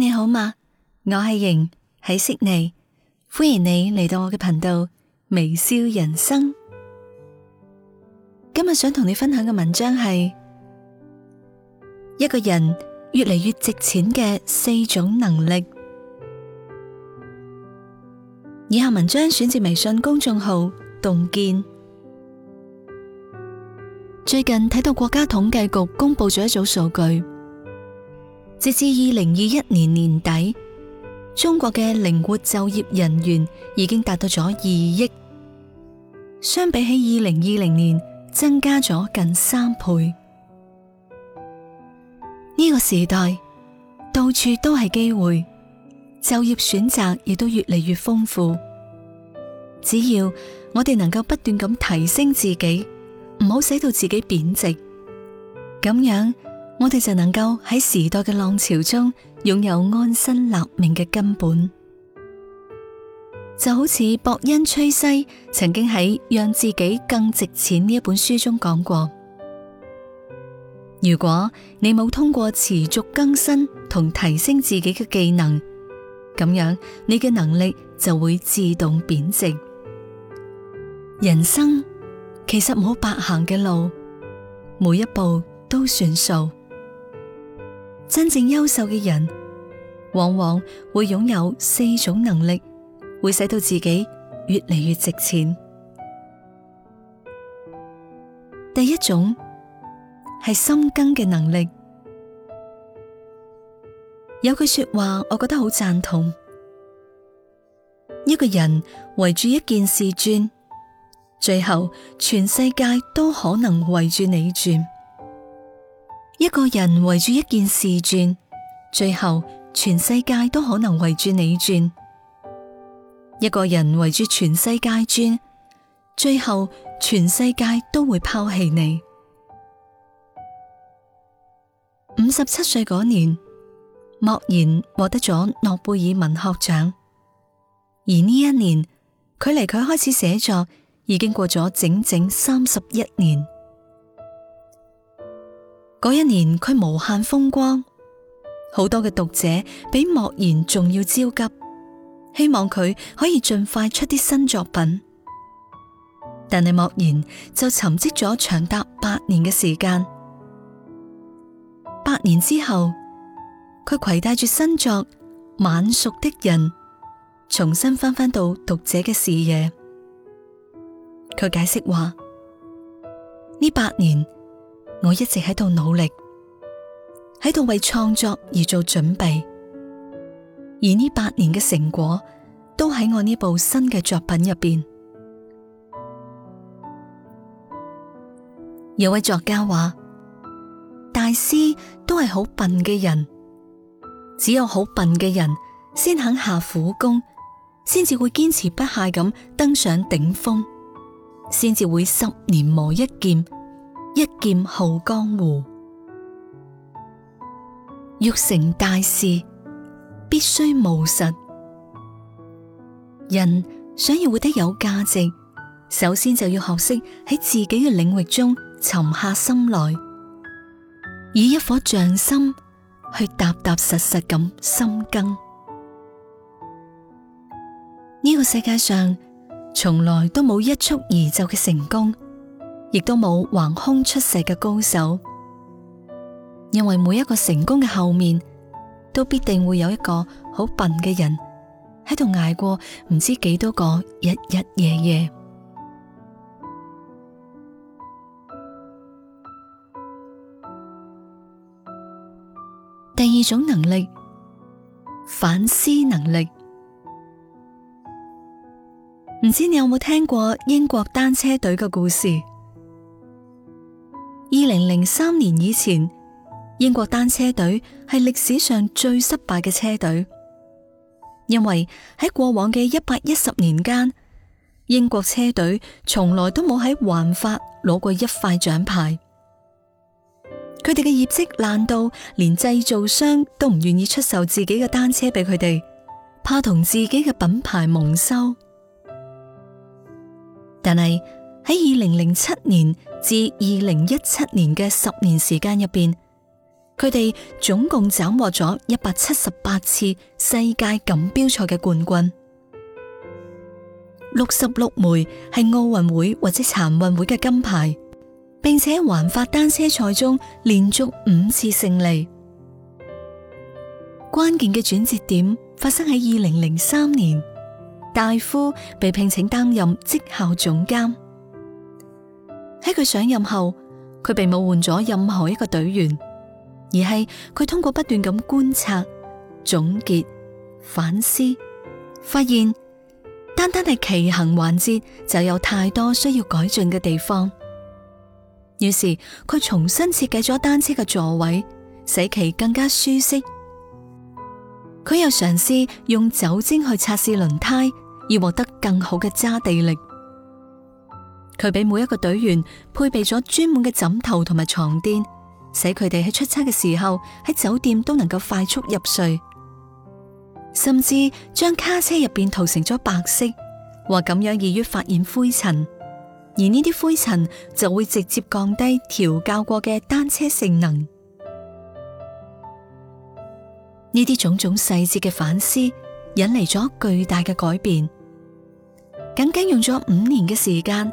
你好嗎？我係瑩喺悉尼，歡迎你嚟到我嘅頻道微笑人生。今日想同你分享嘅文章係一個人越嚟越值錢嘅四種能力。以下文章選自微信公眾號洞見。最近睇到國家統計局公布咗一組數據。直至二零二一年年底，中國嘅靈活就業人員已經達到咗二億，相比起二零二零年增加咗近三倍。呢個時代到處都係機會，就業選擇亦都越嚟越豐富。只要我哋能夠不斷咁提升自己，唔好使到自己貶值，咁樣。我哋就能夠喺時代嘅浪潮中擁有安身立命嘅根本，就好似博恩崔西曾經喺《讓自己更值錢》呢一本書中講過：如果你冇通過持續更新同提升自己嘅技能，咁樣你嘅能力就會自動貶值。人生其實冇白行嘅路，每一步都算數。真正優秀嘅人，往往會擁有四種能力，會使到自己越嚟越值錢。第一種係深耕嘅能力。有句說話，我覺得好贊同：一個人圍住一件事轉，最後全世界都可能圍住你轉。一個人圍住一件事轉，最後全世界都可能圍住你轉；一個人圍住全世界轉，最後全世界都會拋棄你。五十七歲嗰年，莫言獲得咗諾貝爾文學獎，而呢一年，距離佢開始寫作已經過咗整整三十一年。嗰一年佢無限風光，好多嘅讀者比莫言仲要焦急，希望佢可以盡快出啲新作品。但係莫言就沉寂咗長達八年嘅時間。八年之後，佢攜帶住新作《晚熟的人》，重新翻返到讀者嘅視野。佢解釋話：呢八年。我一直喺度努力，喺度為創作而做準備，而呢八年嘅成果都喺我呢部新嘅作品入邊。有位作家話：大師都係好笨嘅人，只有好笨嘅人先肯下苦功，先至會堅持不懈咁登上頂峰，先至會十年磨一劍。一劍浩江湖，欲成大事，必須務實。人想要活得有價值，首先就要學識喺自己嘅領域中沉下心來，以一顆匠心去踏踏實實咁深耕。呢個世界上，從來都冇一蹴而就嘅成功。亦都冇橫空出世嘅高手，因為每一個成功嘅後面，都必定會有一個好笨嘅人喺度捱過唔知幾多個日日夜夜。第二種能力，反思能力，唔知你有冇聽過英國單車隊嘅故事？二零零三年以前，英國單車隊係歷史上最失敗嘅車隊，因為喺過往嘅一百一十年間，英國車隊從來都冇喺環法攞過一塊獎牌。佢哋嘅業績爛到連製造商都唔願意出售自己嘅單車俾佢哋，怕同自己嘅品牌蒙羞。但係，喺二零零七年至二零一七年嘅十年時間入邊，佢哋總共斬獲咗一百七十八次世界錦標賽嘅冠軍，六十六枚係奧運會或者殘運會嘅金牌，並且環法單車賽中連續五次勝利。關鍵嘅轉折點發生喺二零零三年，大夫被聘請擔任績效總監。喺佢上任後，佢並冇換咗任何一個隊員，而係佢通過不斷咁觀察、總結、反思，發現單單係騎行環節就有太多需要改進嘅地方。於是佢重新設計咗單車嘅座位，使其更加舒適。佢又嘗試用酒精去擦拭輪胎，以獲得更好嘅抓地力。佢俾每一個隊員配備咗專門嘅枕頭同埋床墊，使佢哋喺出差嘅時候喺酒店都能夠快速入睡。甚至將卡車入邊塗成咗白色，話咁樣易於發現灰塵，而呢啲灰塵就會直接降低調校過嘅單車性能。呢啲種種細節嘅反思引嚟咗巨大嘅改變，僅僅用咗五年嘅時間。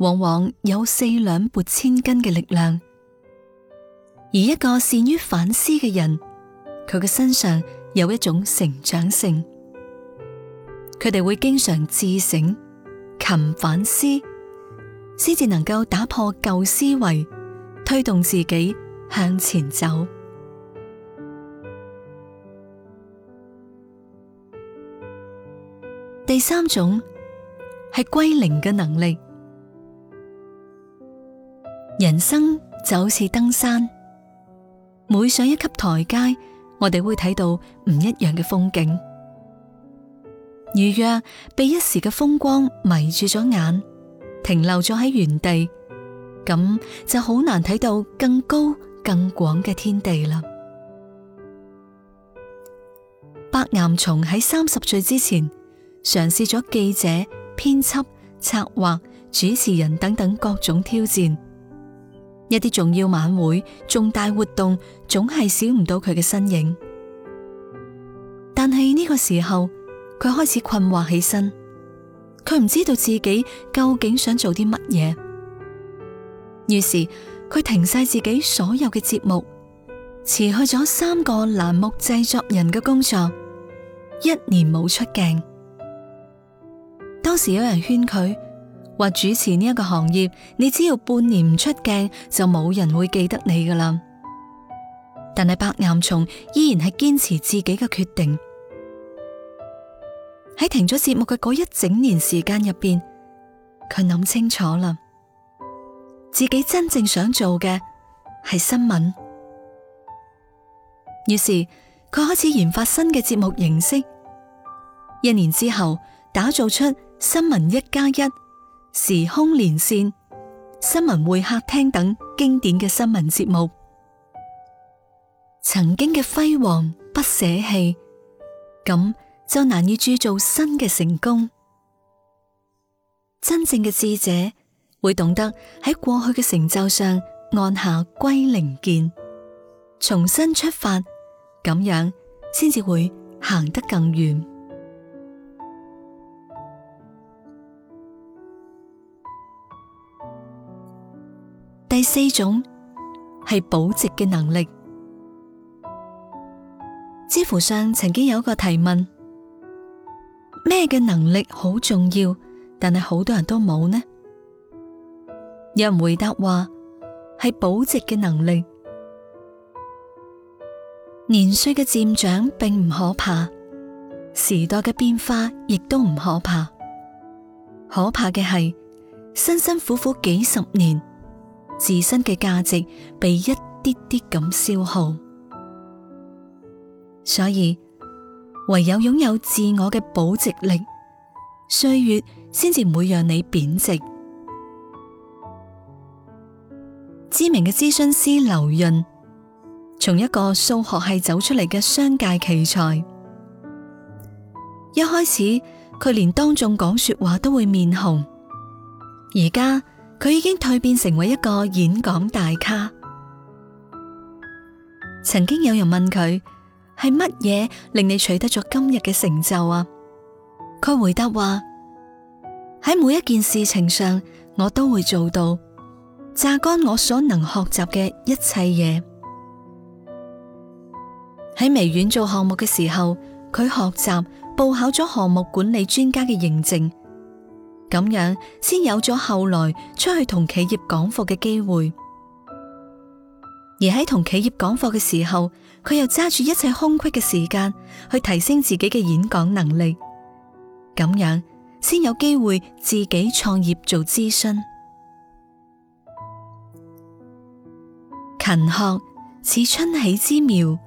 往往有四兩撥千斤嘅力量，而一個善於反思嘅人，佢嘅身上有一種成長性。佢哋會經常自省、勤反思，先至能夠打破舊思維，推動自己向前走。第三種係歸零嘅能力。人生就好似登山，每上一級台階，我哋會睇到唔一樣嘅風景。如若被一時嘅風光迷住咗眼，停留咗喺原地，咁就好難睇到更高更廣嘅天地啦。白岩松喺三十歲之前，嘗試咗記者、編輯、策劃、主持人等等各種挑戰。一啲重要晚會、重大活動，總係少唔到佢嘅身影。但係呢個時候，佢開始困惑起身，佢唔知道自己究竟想做啲乜嘢。於是佢停晒自己所有嘅節目，辭去咗三個欄目製作人嘅工作，一年冇出鏡。當時有人勸佢。話主持呢一個行業，你只要半年唔出鏡，就冇人會記得你噶啦。但係白岩松依然係堅持自己嘅決定。喺停咗節目嘅嗰一整年時間入邊，佢諗清楚啦，自己真正想做嘅係新聞。於是佢開始研發新嘅節目形式。一年之後，打造出新聞一加一。時空連線、新聞會客廳等經典嘅新聞節目，曾經嘅輝煌不捨棄，咁就難以鑄造新嘅成功。真正嘅智者會懂得喺過去嘅成就上按下歸零鍵，重新出發，咁樣先至會行得更遠。第四種係保值嘅能力。知乎上曾經有個提問：咩嘅能力好重要？但係好多人都冇呢？有人回答話係保值嘅能力。年歲嘅漸長並唔可怕，時代嘅變化亦都唔可怕。可怕嘅係辛辛苦苦幾十年。自身嘅價值被一啲啲咁消耗，所以唯有擁有自我嘅保值力，歲月先至唔會讓你貶值。知名嘅諮詢師劉潤，從一個數學系走出嚟嘅商界奇才，一開始佢連當眾講說話都會面紅，而家。佢已經蛻變成為一個演講大咖。曾經有人問佢係乜嘢令你取得咗今日嘅成就啊？佢回答話：喺每一件事情上，我都會做到，榨乾我所能學習嘅一切嘢。喺微軟做項目嘅時候，佢學習報考咗項目管理專家嘅認證。咁樣先有咗後來出去同企業講課嘅機會，而喺同企業講課嘅時候，佢又揸住一切空隙嘅時間去提升自己嘅演講能力，咁樣先有機會自己創業做諮詢。勤學似春起之苗，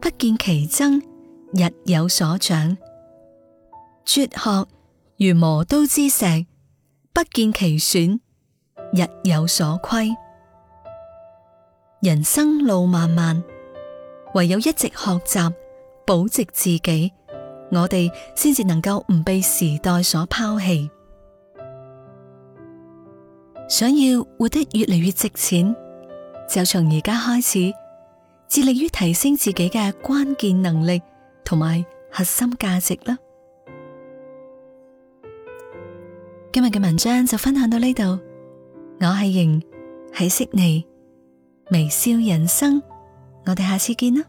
不見其增，日有所長。絕學。如磨刀之石，不見其損，日有所虧。人生路漫漫，唯有一直學習，保值自己，我哋先至能夠唔被時代所拋棄。想要活得越嚟越值錢，就從而家開始，致力於提升自己嘅關鍵能力同埋核心價值啦。今日嘅文章就分享到呢度，我係瑩，喺悉尼微笑人生，我哋下次見啦。